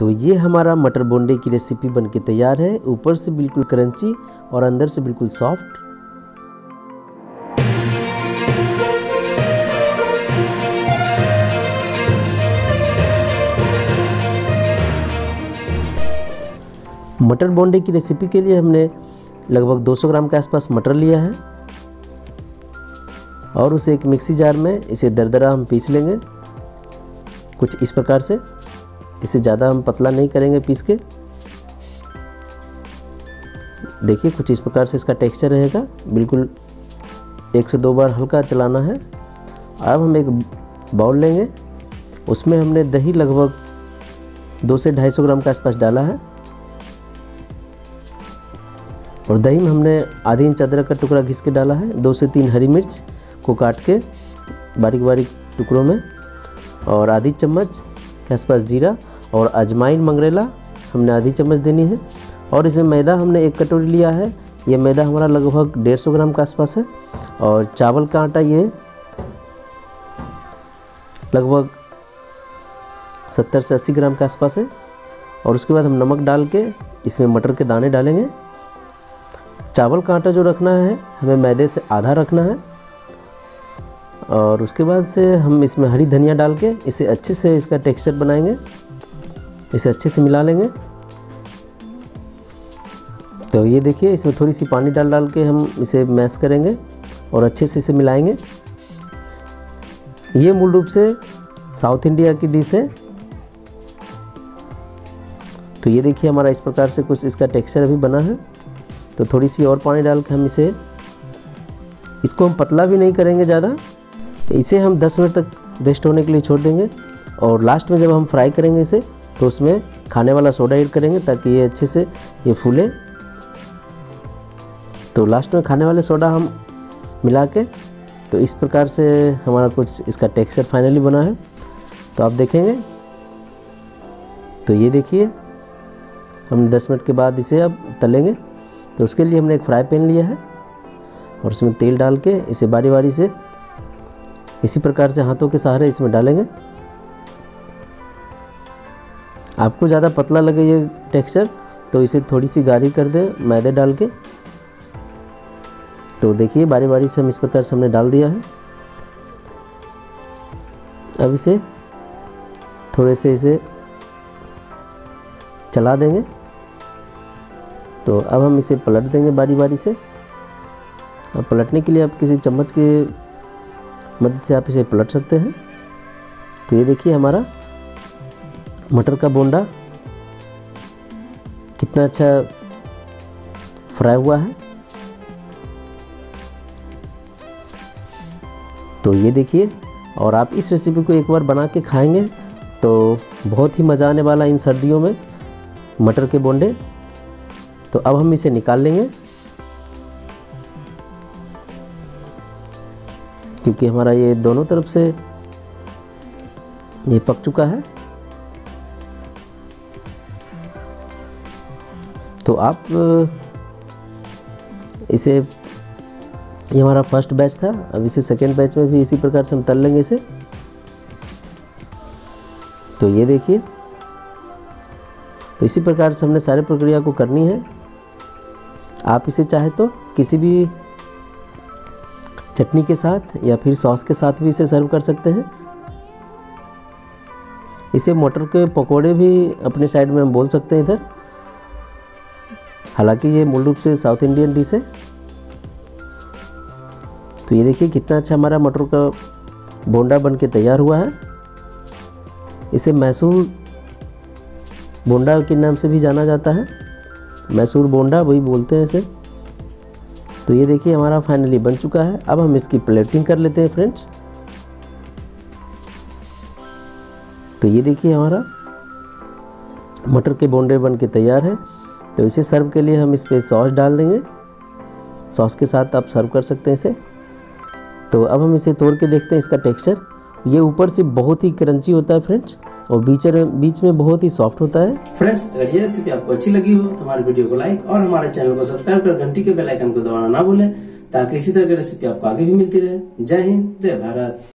तो ये हमारा मटर बोंडे की रेसिपी बनके तैयार है ऊपर से बिल्कुल क्रंची और अंदर से बिल्कुल सॉफ्ट मटर बोंडे की रेसिपी के लिए हमने लगभग 200 ग्राम के आसपास मटर लिया है और उसे एक मिक्सी जार में इसे दरदरा हम पीस लेंगे कुछ इस प्रकार से इसे ज़्यादा हम पतला नहीं करेंगे पीस के देखिए कुछ इस प्रकार से इसका टेक्सचर रहेगा बिल्कुल एक से दो बार हल्का चलाना है अब हम एक बाउल लेंगे उसमें हमने दही लगभग दो से ढाई सौ ग्राम के आसपास डाला है और दही में हमने आधी इंच अदरक का टुकड़ा घिस के डाला है दो से तीन हरी मिर्च को काट के बारीक बारीक टुकड़ों में और आधी चम्मच के आसपास जीरा और अजमाइन मंगरेला हमने आधी चम्मच देनी है और इसमें मैदा हमने एक कटोरी लिया है ये मैदा हमारा लगभग डेढ़ सौ ग्राम के आसपास है और चावल का आटा ये लगभग सत्तर से अस्सी ग्राम के आसपास है और उसके बाद हम नमक डाल के इसमें मटर के दाने डालेंगे चावल का आटा जो रखना है हमें मैदे से आधा रखना है और उसके बाद से हम इसमें हरी धनिया डाल के इसे अच्छे से इसका टेक्सचर बनाएंगे इसे अच्छे से मिला लेंगे तो ये देखिए इसमें थोड़ी सी पानी डाल डाल के हम इसे मैश करेंगे और अच्छे से इसे मिलाएंगे ये मूल रूप से साउथ इंडिया की डिश है तो ये देखिए हमारा इस प्रकार से कुछ इसका टेक्सचर अभी बना है तो थोड़ी सी और पानी डाल के हम इसे इसको हम पतला भी नहीं करेंगे ज़्यादा इसे हम 10 मिनट तक रेस्ट होने के लिए छोड़ देंगे और लास्ट में जब हम फ्राई करेंगे इसे तो उसमें खाने वाला सोडा ऐड करेंगे ताकि ये अच्छे से ये फूले तो लास्ट में खाने वाले सोडा हम मिला के तो इस प्रकार से हमारा कुछ इसका टेक्सचर फाइनली बना है तो आप देखेंगे तो ये देखिए हम 10 मिनट के बाद इसे अब तलेंगे तो उसके लिए हमने एक फ्राई पैन लिया है और उसमें तेल डाल के इसे बारी बारी से इसी प्रकार से हाथों के सहारे इसमें डालेंगे आपको ज़्यादा पतला लगे ये टेक्सचर तो इसे थोड़ी सी गाढ़ी कर दें मैदे डाल के तो देखिए बारी बारी से हम इस प्रकार से हमने डाल दिया है अब इसे थोड़े से इसे चला देंगे तो अब हम इसे पलट देंगे बारी बारी से अब पलटने के लिए आप किसी चम्मच के मदद से आप इसे पलट सकते हैं तो ये देखिए हमारा मटर का बोंडा कितना अच्छा फ्राई हुआ है तो ये देखिए और आप इस रेसिपी को एक बार बना के खाएंगे तो बहुत ही मज़ा आने वाला इन सर्दियों में मटर के बोंडे तो अब हम इसे निकाल लेंगे क्योंकि हमारा ये दोनों तरफ से ये पक चुका है तो आप इसे ये हमारा फर्स्ट बैच था अब इसे सेकेंड बैच में भी इसी प्रकार से हम तल लेंगे इसे तो ये देखिए तो इसी प्रकार से हमने सारे प्रक्रिया को करनी है आप इसे चाहे तो किसी भी चटनी के साथ या फिर सॉस के साथ भी इसे सर्व कर सकते हैं इसे मटर के पकोड़े भी अपने साइड में हम बोल सकते हैं इधर हालांकि ये मूल रूप से साउथ इंडियन डिश है तो ये देखिए कितना अच्छा हमारा मटर का बोंडा बन के तैयार हुआ है इसे मैसूर बोंडा के नाम से भी जाना जाता है मैसूर बोंडा वही बोलते हैं इसे तो ये देखिए हमारा फाइनली बन चुका है अब हम इसकी प्लेटिंग कर लेते हैं फ्रेंड्स तो ये देखिए हमारा मटर के बोंडे बन के तैयार है तो इसे सर्व के लिए हम इस पर सॉस डाल देंगे सॉस के साथ आप सर्व कर सकते हैं इसे तो अब हम इसे तोड़ के देखते हैं इसका टेक्सचर ये ऊपर से बहुत ही क्रंची होता है फ्रेंड्स और बीच में बीच में बहुत ही सॉफ्ट होता है फ्रेंड्स अगर ये रेसिपी आपको अच्छी लगी हो तो हमारे वीडियो को लाइक और हमारे चैनल को सब्सक्राइब कर घंटी के बेल आइकन को दबाना ना भूलें ताकि इसी तरह की रेसिपी आपको आगे भी मिलती रहे जय हिंद जय भारत